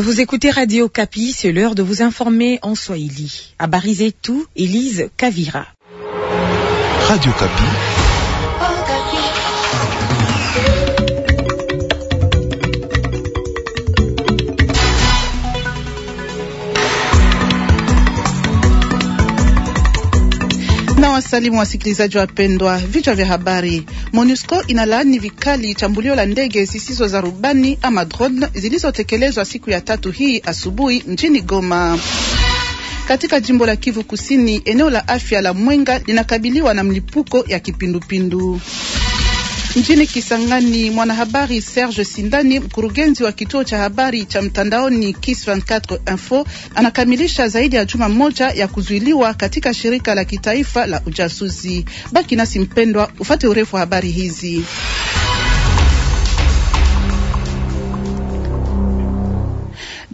Vous écoutez Radio Capi, c'est l'heure de vous informer en Swahili. À tout Elise Kavira. Radio Kapi. Nawasalimu wasikilizaji wapendwa, vichwa vya habari. MONUSCO inalaani vikali chambulio la ndege zisizo za rubani ama drone zilizotekelezwa siku ya tatu hii asubuhi mjini Goma. Katika jimbo la Kivu Kusini, eneo la afya la Mwenga linakabiliwa na mlipuko ya kipindupindu. Mjini Kisangani, mwanahabari Serge Sindani, mkurugenzi wa kituo cha habari cha mtandaoni KIS 24 Info, anakamilisha zaidi ya juma moja ya kuzuiliwa katika shirika la kitaifa la ujasusi. Baki nasi mpendwa, ufate urefu wa habari hizi.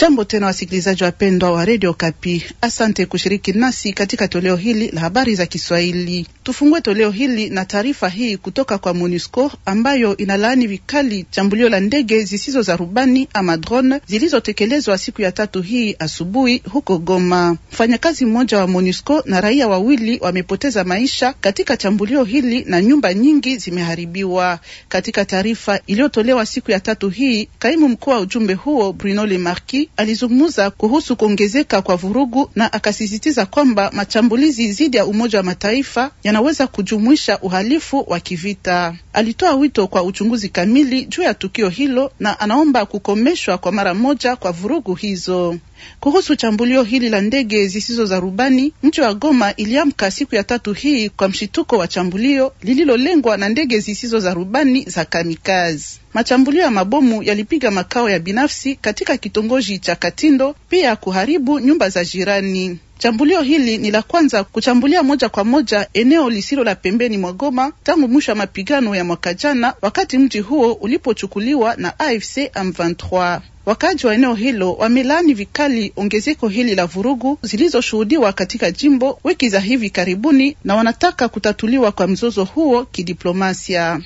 Jambo tena wasikilizaji wapendwa wa redio Kapi, asante kushiriki nasi katika toleo hili la habari za Kiswahili. Tufungue toleo hili na taarifa hii kutoka kwa MONUSCO ambayo inalaani vikali shambulio la ndege zisizo za rubani ama drone zilizotekelezwa siku ya tatu hii asubuhi huko Goma. Mfanyakazi mmoja wa MONUSCO na raia wawili wamepoteza maisha katika shambulio hili na nyumba nyingi zimeharibiwa. Katika taarifa iliyotolewa siku ya tatu hii, kaimu mkuu wa ujumbe huo Bruno Lemarquis alizungumza kuhusu kuongezeka kwa vurugu na akasisitiza kwamba mashambulizi dhidi ya Umoja wa Mataifa yanaweza kujumuisha uhalifu wa kivita. Alitoa wito kwa uchunguzi kamili juu ya tukio hilo na anaomba kukomeshwa kwa mara moja kwa vurugu hizo. Kuhusu chambulio hili la ndege zisizo za rubani, mji wa Goma iliamka siku ya tatu hii kwa mshituko wa chambulio lililolengwa na ndege zisizo za rubani za kamikazi. Machambulio ya mabomu yalipiga makao ya binafsi katika kitongoji cha Katindo, pia kuharibu nyumba za jirani. Chambulio hili ni la kwanza kuchambulia moja kwa moja eneo lisilo la pembeni mwa Goma tangu mwisho wa mapigano ya mwaka jana, wakati mji huo ulipochukuliwa na AFC M23. Wakaji wa eneo hilo wamelaani vikali ongezeko hili la vurugu zilizoshuhudiwa katika jimbo wiki za hivi karibuni na wanataka kutatuliwa kwa mzozo huo kidiplomasia.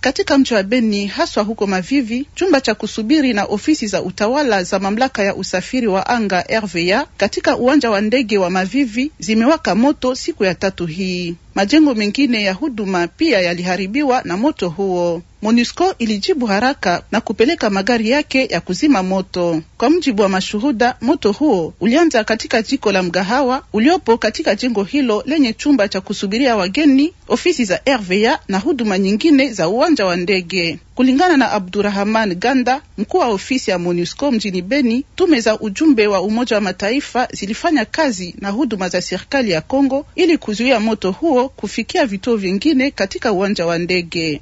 Katika mji wa Beni haswa huko Mavivi, chumba cha kusubiri na ofisi za utawala za mamlaka ya usafiri wa anga RVA katika uwanja wa ndege wa Mavivi zimewaka moto siku ya tatu hii. Majengo mengine ya huduma pia yaliharibiwa na moto huo. MONUSCO ilijibu haraka na kupeleka magari yake ya kuzima moto. Kwa mujibu wa mashuhuda, moto huo ulianza katika jiko la mgahawa uliopo katika jengo hilo lenye chumba cha kusubiria wageni, ofisi za RVA na huduma nyingine za uwanja wa ndege. Kulingana na Abdurahman Ganda, mkuu wa ofisi ya MONUSCO mjini Beni, tume za ujumbe wa Umoja wa Mataifa zilifanya kazi na huduma za serikali ya Kongo ili kuzuia moto huo kufikia vituo vingine katika uwanja wa ndege.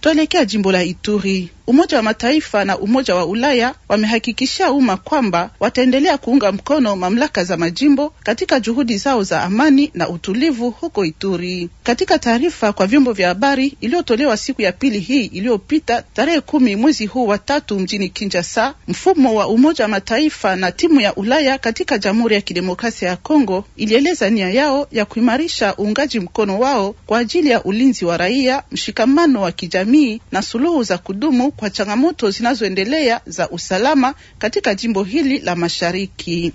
Tuelekea jimbo la Ituri. Umoja wa Mataifa na Umoja wa Ulaya wamehakikishia umma kwamba wataendelea kuunga mkono mamlaka za majimbo katika juhudi zao za amani na utulivu huko Ituri. Katika taarifa kwa vyombo vya habari iliyotolewa siku ya pili hii iliyopita tarehe kumi mwezi huu wa tatu mjini Kinshasa, mfumo wa Umoja wa Mataifa na timu ya Ulaya katika Jamhuri ya Kidemokrasia ya Kongo ilieleza nia yao ya kuimarisha uungaji mkono wao kwa ajili ya ulinzi wa raia, mshikamano wa kijamii na suluhu za kudumu kwa changamoto zinazoendelea za usalama katika jimbo hili la mashariki.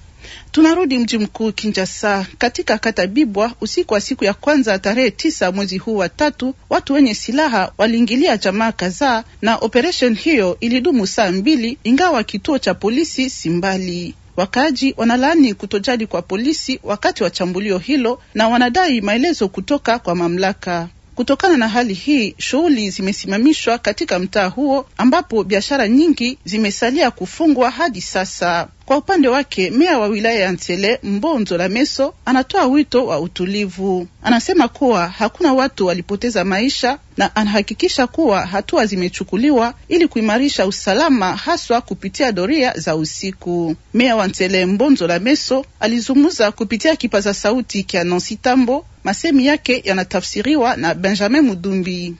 Tunarudi mji mkuu Kinshasa, katika kata Bibwa. Usiku wa siku ya kwanza tarehe tisa mwezi huu wa tatu, watu wenye silaha waliingilia jamaa kadhaa, na operesheni hiyo ilidumu saa mbili, ingawa kituo cha polisi si mbali. Wakaaji wanalaani kutojali kwa polisi wakati wa chambulio hilo na wanadai maelezo kutoka kwa mamlaka. Kutokana na hali hii, shughuli zimesimamishwa katika mtaa huo ambapo biashara nyingi zimesalia kufungwa hadi sasa. Kwa upande wake meya wa wilaya ya Ntsele Mbonzo la Meso anatoa wito wa utulivu. Anasema kuwa hakuna watu walipoteza maisha na anahakikisha kuwa hatua zimechukuliwa ili kuimarisha usalama, haswa kupitia doria za usiku. Meya wa Ntsele Mbonzo la Meso alizungumza kupitia kipaza sauti kya Nansi Tambo. Masemi yake yanatafsiriwa na Benjamin Mudumbi.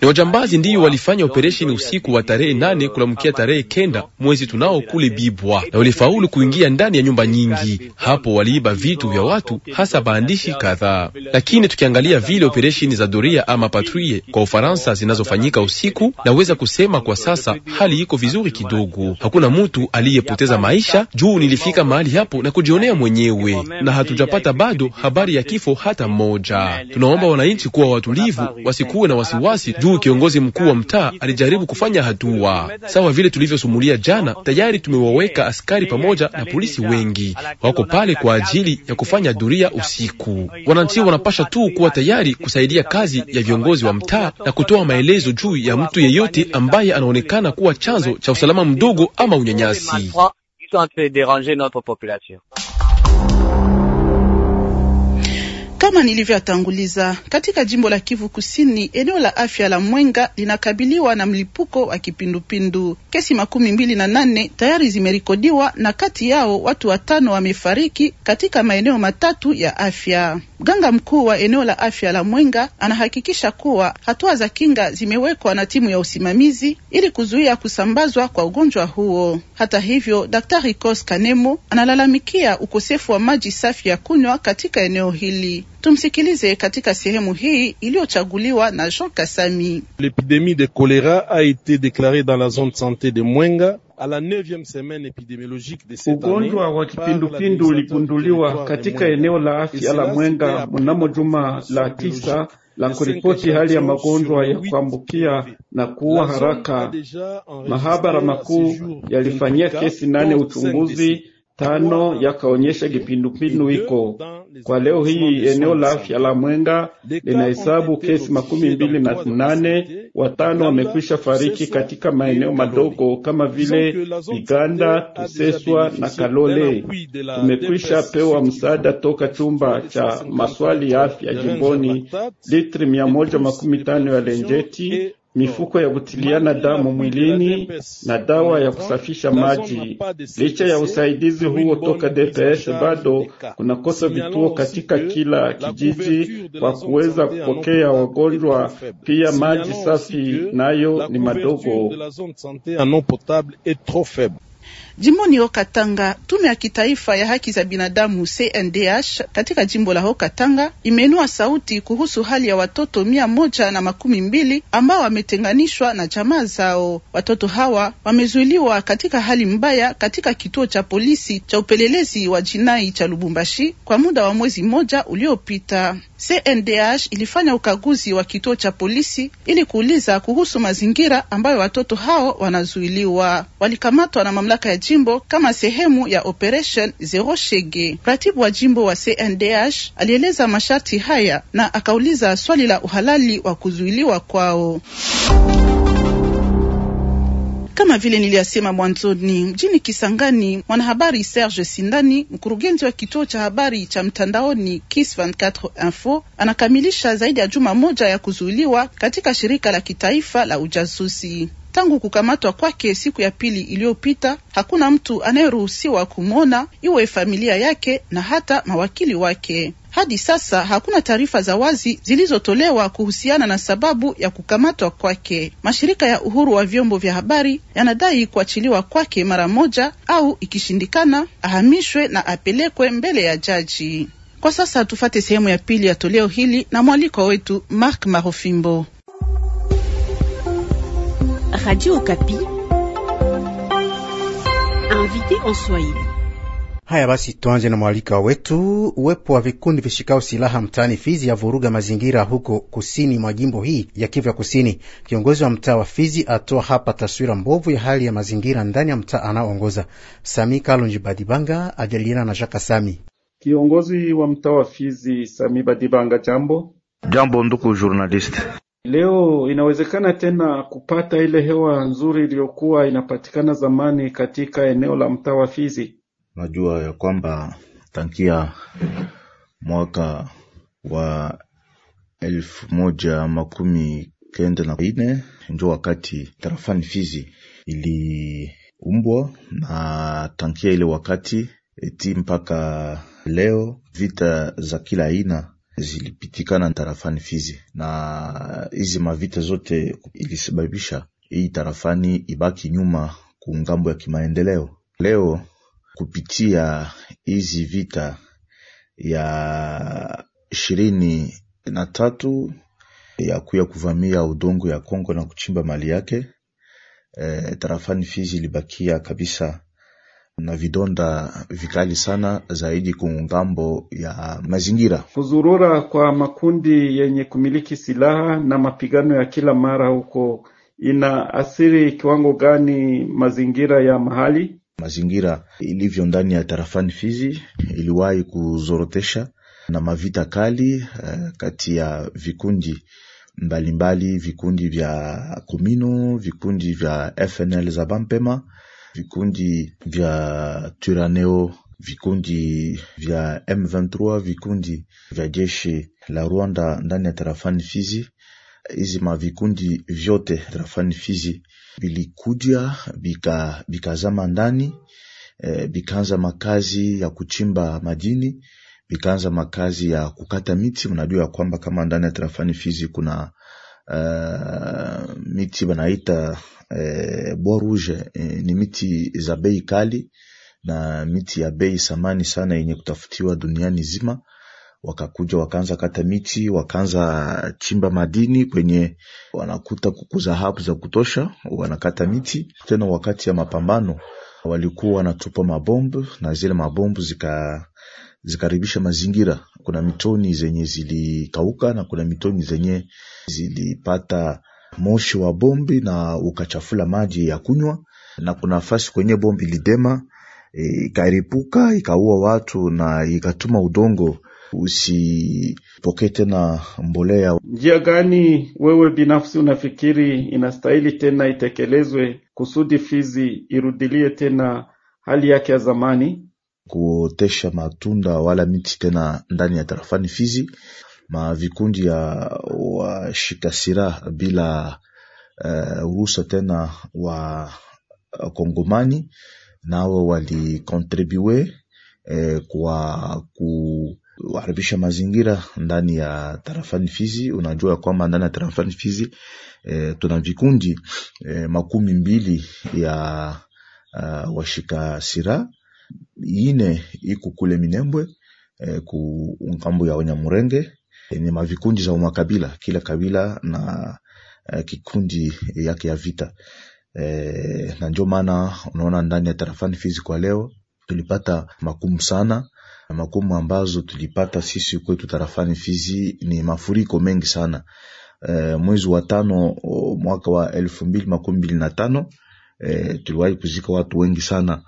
Ni wajambazi ndiyo walifanya operesheni usiku wa tarehe nane kulamkia tarehe kenda mwezi tunao kule Bibwa, na walifaulu kuingia ndani ya nyumba nyingi. Hapo waliiba vitu vya watu, hasa baandishi kadhaa. Lakini tukiangalia vile operesheni za doria ama patruye kwa Ufaransa zinazofanyika usiku, naweza kusema kwa sasa hali iko vizuri kidogo. Hakuna mtu aliyepoteza maisha. Juu nilifika mahali hapo na kujionea mwenyewe, na hatujapata bado habari ya kifo hata mmoja. Tunaomba wananchi kuwa watulivu, wasikuwe na wasiwasi juu kiongozi mkuu wa mtaa alijaribu kufanya hatua sawa vile vile tulivyosumulia jana, tayari tumewaweka askari pamoja na polisi wengi, wako pale kwa ajili ya kufanya duria usiku. Wananchi wanapasha tu kuwa tayari kusaidia kazi ya viongozi wa mtaa na kutoa maelezo juu ya mtu yeyote ambaye anaonekana kuwa chanzo cha usalama mdogo ama unyanyasi. Kama nilivyotanguliza, katika jimbo la Kivu Kusini, eneo la afya la Mwenga linakabiliwa na mlipuko wa kipindupindu. Kesi makumi mbili na nane tayari zimerekodiwa na kati yao watu watano wamefariki katika maeneo matatu ya afya. Mganga mkuu wa eneo la afya la Mwenga anahakikisha kuwa hatua za kinga zimewekwa na timu ya usimamizi ili kuzuia kusambazwa kwa ugonjwa huo. Hata hivyo, Daktari Kos Kanemo analalamikia ukosefu wa maji safi ya kunywa katika eneo hili. Tumsikilize katika sehemu hii iliyochaguliwa na Jean Kasami. L'épidémie de choléra a été déclarée dans la zone santé de Mwenga Ugonjwa wa kipindupindu uligunduliwa katika eneo la afya la Mwenga mnamo juma la tisa la kuripoti hali ya magonjwa ya kuambukia na kuua haraka. Mahabara makuu yalifanyia kesi nane uchunguzi tano yakaonyesha kipindupindu iko kwa leo hii. Eneo la afya la Mwenga linahesabu kesi makumi mbili na nane, watano wamekwisha fariki katika maeneo madogo kama vile Biganda, Tuseswa na Kalole. Tumekwisha pewa msaada toka chumba cha maswali ya afya jimboni litri mia moja makumi tano ya lenjeti mifuko ya kutiliana damu mwilini na dawa ya kusafisha maji. Licha ya usaidizi huo toka DPS, bado kunakosa vituo katika kila kijiji kwa kuweza kupokea wagonjwa. Pia maji safi nayo ni madogo. Jimboni Hoka Tanga, tume ya kitaifa ya haki za binadamu CNDH katika jimbo la hokatanga imeinua sauti kuhusu hali ya watoto mia moja na makumi mbili ambao wametenganishwa na jamaa zao. Watoto hawa wamezuiliwa katika hali mbaya katika kituo cha polisi cha upelelezi wa jinai cha Lubumbashi kwa muda wa mwezi mmoja uliopita. CNDH ilifanya ukaguzi wa kituo cha polisi ili kuuliza kuhusu mazingira ambayo watoto hao wanazuiliwa. Walikamatwa na mamlaka ya jimbo kama sehemu ya Operation Zero Shege. Ratibu wa jimbo wa CNDH alieleza masharti haya na akauliza swali la uhalali wa kuzuiliwa kwao. Kama vile niliyasema mwanzoni, mjini Kisangani, mwanahabari Serge Sindani, mkurugenzi wa kituo cha habari cha mtandaoni Kis 24 Info, anakamilisha zaidi ya juma moja ya kuzuiliwa katika shirika la kitaifa la ujasusi. Tangu kukamatwa kwake siku ya pili iliyopita, hakuna mtu anayeruhusiwa kumwona, iwe familia yake na hata mawakili wake. Hadi sasa hakuna taarifa za wazi zilizotolewa kuhusiana na sababu ya kukamatwa kwake. Mashirika ya uhuru wa vyombo vya habari yanadai kuachiliwa kwake mara moja, au ikishindikana ahamishwe na apelekwe mbele ya jaji. Kwa sasa tufate sehemu ya pili ya toleo hili na mwaliko wetu Mark Marofimbo. Radio Okapi invité en Swahili. Haya basi, tuanze na mwalika wetu. Uwepo wa vikundi vishikao silaha mtaani Fizi ya vuruga mazingira huko kusini mwa jimbo hii ya Kivu ya Kusini. Kiongozi wa mtaa wa Fizi atoa hapa taswira mbovu ya hali ya mazingira ndani ya mtaa anaoongoza. Sami Kalonji Badibanga ajaliana na Jaka Sami, kiongozi wa mtaa wa Fizi. Sami Badibanga, jambo. Jambo ndugu journalist. Leo inawezekana tena kupata ile hewa nzuri iliyokuwa inapatikana zamani katika eneo la mtaa wa Fizi. Najua ya kwamba tankia mwaka wa elfu moja makumi kenda na ine ndio wakati tarafani Fizi iliumbwa, na tankia ile wakati eti mpaka leo vita za kila aina zilipitikana tarafani Fizi, na hizi mavita zote ilisababisha hii tarafani ibaki nyuma kungambo ya kimaendeleo. Leo kupitia hizi vita ya ishirini na tatu ya kuya kuvamia udongo ya Kongo na kuchimba mali yake, e, tarafani Fizi ilibakia kabisa na vidonda vikali sana zaidi kungambo ya mazingira. Kuzurura kwa makundi yenye kumiliki silaha na mapigano ya kila mara huko ina athiri kiwango gani mazingira ya mahali? Mazingira ilivyo ndani ya tarafani Fizi iliwahi kuzorotesha na mavita kali eh, kati ya vikundi mbalimbali mbali, vikundi vya Komino, vikundi vya FNL za Bampema vikundi vya Turaneo, vikundi vya M23, vikundi vya jeshi la Rwanda ndani ya tarafani Fizi. Hizi mavikundi vyote tarafani Fizi vilikuja vikazama bika ndani e, makazi ya kuchimba madini, vikaanza makazi ya kukata miti. Mnajua ya kwamba kama ndani ya tarafani Fizi kuna uh, miti banaita uh, eh, bois rouge uh, ni miti za bei kali na miti ya bei samani sana yenye kutafutiwa duniani zima. Wakakuja wakaanza kata miti, wakaanza chimba madini kwenye, wanakuta kukuza dhahabu za kutosha, wanakata miti tena. Wakati ya mapambano walikuwa wanatupa mabombu na zile mabombu zika zikaribisha mazingira kuna mitoni zenye zilikauka na kuna mitoni zenye zilipata moshi wa bombi na ukachafula maji ya kunywa, na kuna nafasi kwenye bombi lidema e, ikaripuka ikaua watu na ikatuma udongo usipokee tena mbolea. Njia gani wewe binafsi unafikiri inastahili tena itekelezwe kusudi Fizi irudilie tena hali yake ya zamani? kuotesha matunda wala miti tena ndani ya tarafani Fizi. Ma vikundi ya washika silaha bila uh, tena wa Kongomani nao walikontribue eh, kwa kuharibisha mazingira ndani ya tarafani Fizi. Unajua ya kwamba ndani ya tarafani Fizi eh, tuna vikundi eh, makumi mbili ya uh, washika silaha ine iku kule Minembwe e, ku ngambo ya Wanyamurenge eh, ni mavikundi za umakabila kila kabila na e, kikundi yake ya vita e, na ndio maana unaona ndani ya tarafani Fizi kwa leo tulipata makumu sana makumu ambazo tulipata sisi kwetu tarafani Fizi ni mafuriko mengi sana. E, mwezi wa tano mwaka wa elfu mbili makumi mbili na tano e, tuliwahi kuzika watu wengi sana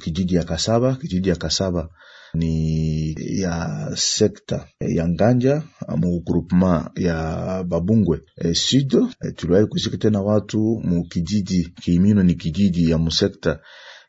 kijiji ya Kasaba. Kijiji ya Kasaba ni ya sekta ya Nganja mu groupement ya Babungwe e, sud e, tuliwahi kushika tena watu mu kijiji Kiimino, ni kijiji ya musekta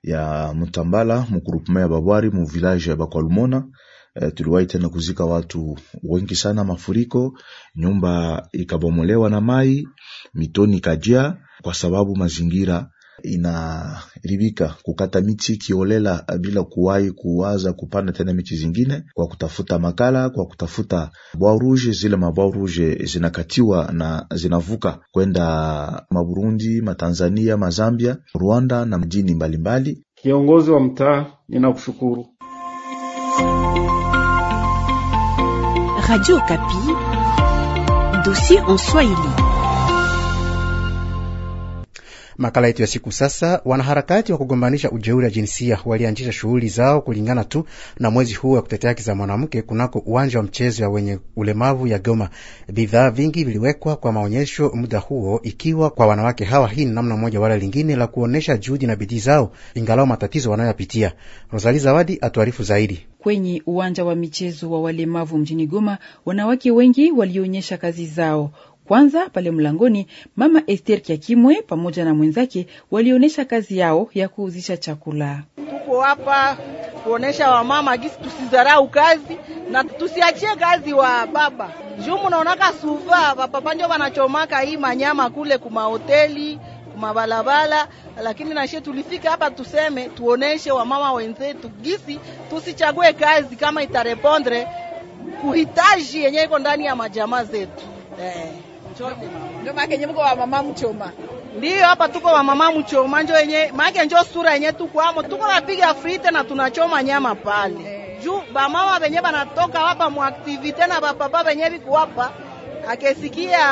ya Mtambala mu groupement ya Babwari mu village ya Bakwalumona. E, tuliwahi tena kuzika watu wengi sana, mafuriko, nyumba ikabomolewa na mai, mitoni ikajaa kwa sababu mazingira inaribika kukata michi kiolela eh, bila kuwahi kuwaza kupanda tena michi zingine, kwa kutafuta makala, kwa kutafuta bwa rouge. Zile mabwa rouge zinakatiwa na zinavuka kwenda Maburundi, Matanzania, Mazambia, Rwanda na mjini mbalimbali. Kiongozi wa mtaa, ninakushukuru. Radio Kapi, dossier en Swahili. Makala yetu ya siku sasa. Wanaharakati wa kugombanisha ujeuri wa jinsia walianzisha shughuli zao kulingana tu na mwezi huu wa kutetea haki za mwanamke kunako uwanja wa mchezo ya wenye ulemavu ya Goma. Bidhaa vingi viliwekwa kwa maonyesho muda huo, ikiwa kwa wanawake hawa hii ni namna moja wala lingine la kuonyesha juhudi na bidii zao ingalao matatizo wanayoyapitia. Rosali Zawadi atuarifu zaidi. Kwenye uwanja wa michezo wa walemavu mjini Goma, wanawake wengi walionyesha kazi zao kwanza pale mlangoni, mama Ester Kiakimwe pamoja na mwenzake walionyesha kazi yao ya kuuzisha chakula. Tuko hapa kuonesha wamama gisi tusidharau kazi na tusiachie kazi wa baba juu munaonaka suva wapapa njo wanachomaka hii manyama kule kumahoteli kumabalabala, lakini nashie tulifika hapa tuseme, tuoneshe wamama wenzetu gisi tusichague kazi kama itarepondre kuhitaji yenye iko ndani ya majamaa zetu eh maana kenye mko wa mama mchoma ndiyo hapa tuko wa mama mchoma njo yenye maana njo sura yenye tukwamo, tuko napiga frite na tunachoma nyama pale eh. juu mama benye banatoka hapa muaktivite na bapapa benye hapa akesikia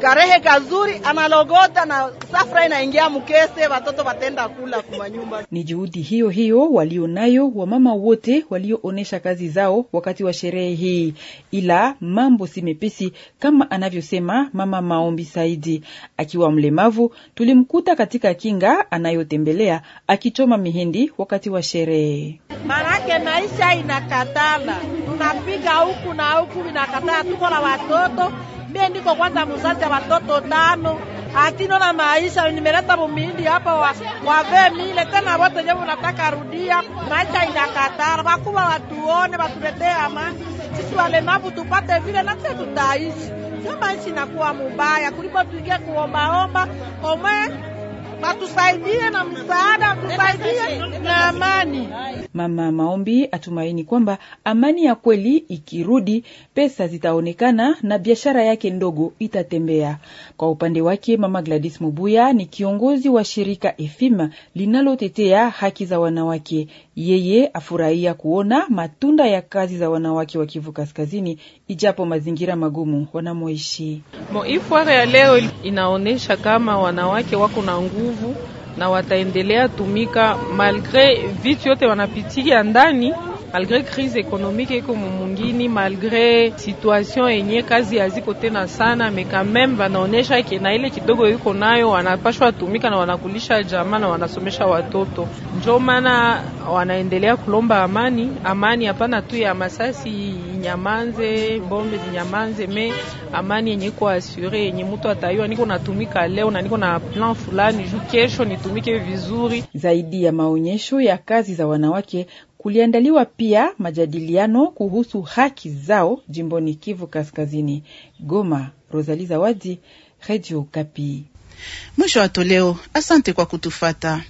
karehe kazuri analogota na safra inaingia mkese, watoto watenda kula nyumba Ni juhudi hiyo hiyo walionayo wamama wote walioonyesha kazi zao wakati wa sherehe hii, ila mambo si mepesi kama anavyosema mama Maombi Saidi. Akiwa mlemavu, tulimkuta katika kinga anayotembelea akichoma mihindi wakati wa sherehe. Manake maisha inakatala, tunapiga huku na huku inakatala, tuko na watoto Mie niko kwanza muzazi ya watoto tano, atino na maisha nimeleta mumindi hapa wa, wavee mile tena wote nyewe unataka rudia maisha inakatara, wakuwa watuone watuletee amani, sisi walemavu tupate vile nase tutaishi, sio maisha inakuwa mubaya kuliko tuingie kuombaomba omwe Matusaidie na msaada, tusaidie na amani. Mama Maombi atumaini kwamba amani ya kweli ikirudi, pesa zitaonekana na biashara yake ndogo itatembea. Kwa upande wake, Mama Gladys Mubuya ni kiongozi wa shirika efima linalotetea haki za wanawake. Yeye afurahia kuona matunda ya kazi za wanawake wa Kivu Kaskazini, ijapo mazingira magumu wanamoishi. Mo, ya leo inaonyesha kama wanawake wako na nguvu nguvu na wataendelea tumika malgre vitu yote wanapitia ndani malgre crise ekonomike iko mumungini, malgre situation yenye kazi haziko tena sana, quand mekameme vanaonesha ke na ile kidogo yuko nayo wanapashwa tumika na wanakulisha jamaa na wanasomesha watoto. Njo maana wanaendelea kulomba amani, amani hapana tu ya masasi inyamanze, bombe zinyamanze, me amani yenye iko asure, yenye mutu atayua niko natumika leo na niko na plan fulani juu kesho nitumike vizuri. Zaidi ya maonyesho ya kazi za wanawake Kuliandaliwa pia majadiliano kuhusu haki zao jimboni Kivu Kaskazini. Goma, Rosali Zawadi, Redio Kapi. Mwisho wa toleo. Asante kwa kutufata.